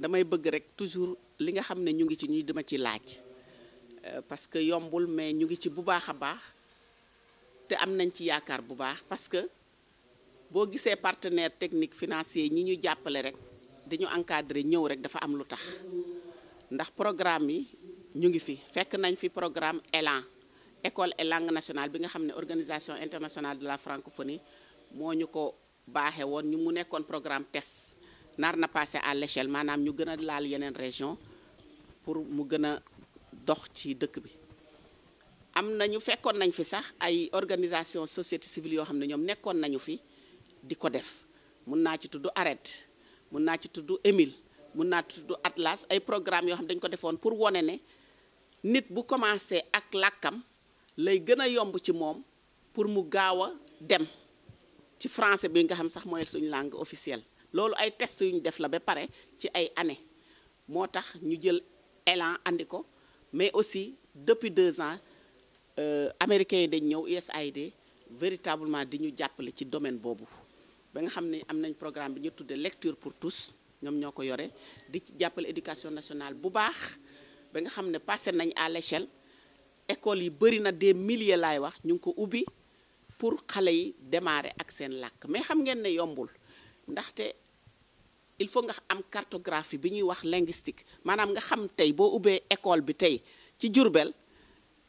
damay bëgg rek toujours li nga xam ne ñu ngi ci ñu dama ci laaj euh, parce que yombul mais ñu ngi ci bu baax a baax te am nañ ci yaakaar bu baax parce que boo gisee partenaire technique financier ñi ñu jàppale rek dañu encadré ñëw rek dafa am lu tax ndax programme yi ñu ngi fi fekk nañ fi programme Elan école et langue nationale bi nga xam ne organisation internationale de la francophonie moo ñu ko baaxe woon ñu mu nekkoon programme TES nar na passé à l'échelle maanaam ñu gën a laal yeneen région pour mu gën a dox ci dëkk bi am na ñu fekkoon nañ fi sax ay organisation société civile yoo xam ne ñoom nekkoon nañu fi di ko def mun naa ci tudd arrête mun naa ci tudd Émile mun naa ci tudd Atlas ay programme yoo xam dañ ko defoon pour wone ne nit bu commencé ak làkkam lay gën a yomb ci moom pour mu gaaw a dem ci français bi nga xam sax mooy suñu langue officielle loolu ay test yu ñu def la ba pare ci ay années moo tax ñu jël élan andi ko mais aussi depuis deux ans euh, américains yi dañ ñëw USAID véritablement di ñu jàppale ci domaine boobu ba nga xam ne am nañ programme bi ñu tuddee lecture pour tous ñoom ñoo ko yore di ci jàppale éducation nationale bu baax ba nga xam ne passé nañ à l'échelle école yi bëri na des milliers laay wax ñu ngi ko ubbi pour xale yi démarrer ak seen làkk mais xam ngeen ne yombul ndaxte il faut nga am cartographie bi ñuy wax linguistique maanaam nga xam tey boo ubbee école bi tey ci Jurbel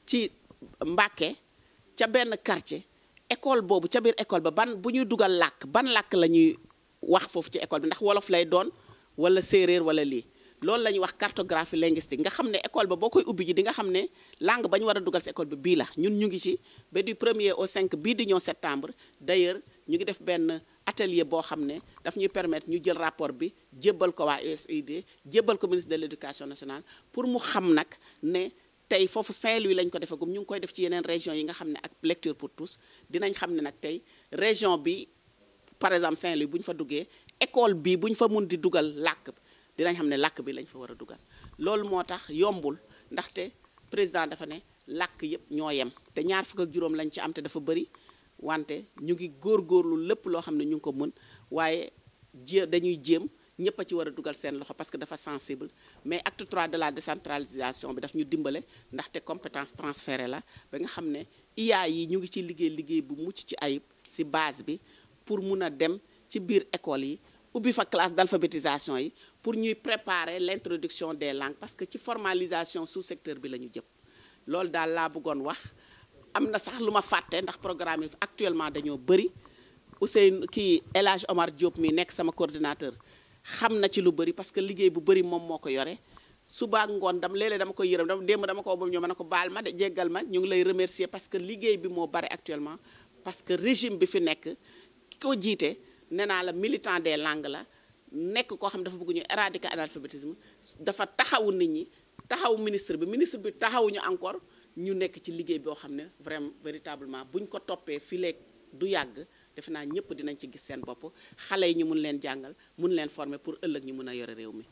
ci Mbàkke ca benn quartier école boobu ca biir école ba ban bu ñuy dugal làkk ban làkk la ñuy wax foofu ci école bi ndax wolof lay doon wala séeréer wala lii loolu la ñuy wax cartographie linguistique nga xam ne école ba boo koy ubbi ji di nga xam ne langue ba ñu war dugal si école bi bii la ñun ñu ngi ci ba du premier au 5 bii di ñoo septembre d' ñu ngi def benn atelier boo xam ne daf ñuy permettre ñu jël rapport bi jébbal ko waa USAID jébbal ko ministre de l' éducation nationale pour mu xam nag ne tey foofu Saint-Louis lañ ko defagum ñu ngi koy def ci yeneen région yi nga xam ne ak lecture pour tous dinañ xam ne nag tey région bi par exemple Saint-Louis buñ fa duggee école bi bu ñu fa mun di dugal làkk bi dinañ xam ne làkk bi lañ fa war a dugal loolu moo tax yombul ndaxte président dafa ne làkk yëpp ñoo yem te ñaar fukk ak lañ ci am dafa bëri wante ñu ngi góor góorlu lépp loo xam ne ñu ngi ko mën waaye jé dañuy jéem ñëpp a ci war a dugal seen loxo parce que dafa sensible mais acte 3 de la décentralisation bi daf ñu dimbale ndaxte compétence transférée la ba nga xam ne IA yi ñu ngi ci liggéey liggéey bu mucc ci ayib si base bi pour mun a dem ci biir école yi ubbi fa classe d'alphabétisation yi pour ñuy préparer l'introduction des langues parce que ci formalisation sous secteur bi la ñu jëm loolu daal laa bëggoon wax am na sax lu ma fàtte ndax programme yi actuellement dañoo bëri Ousseynou kii El Hadj Omar mi nekk sama coordinateur xam na ci lu bëri parce que liggéey bu bëri moom moo ko yore suba ngoon dam léeg dama koy yërëm dama démb dama ko ba ñoo ma ne ko baal ma de jéggal ma ñu ngi lay remercier parce que liggéey bi moo bëri actuellement parce que régime bi fi nekk ki ko jiite nee naa la militant des langues la nekk koo xam dafa bëgg ñu éradiquer analphabétisme dafa taxawu nit ñi taxaw ministre bi ministre bi taxawuñu encore ñu nekk ci liggéey boo xam ne vraiment véritablement buñ ko toppee fileeg du yàgg defe naa ñëpp dinañ ci gis seen bopp xale yi ñu mun leen jàngal mun leen former pour ëllëg ñu mun a yore réew mi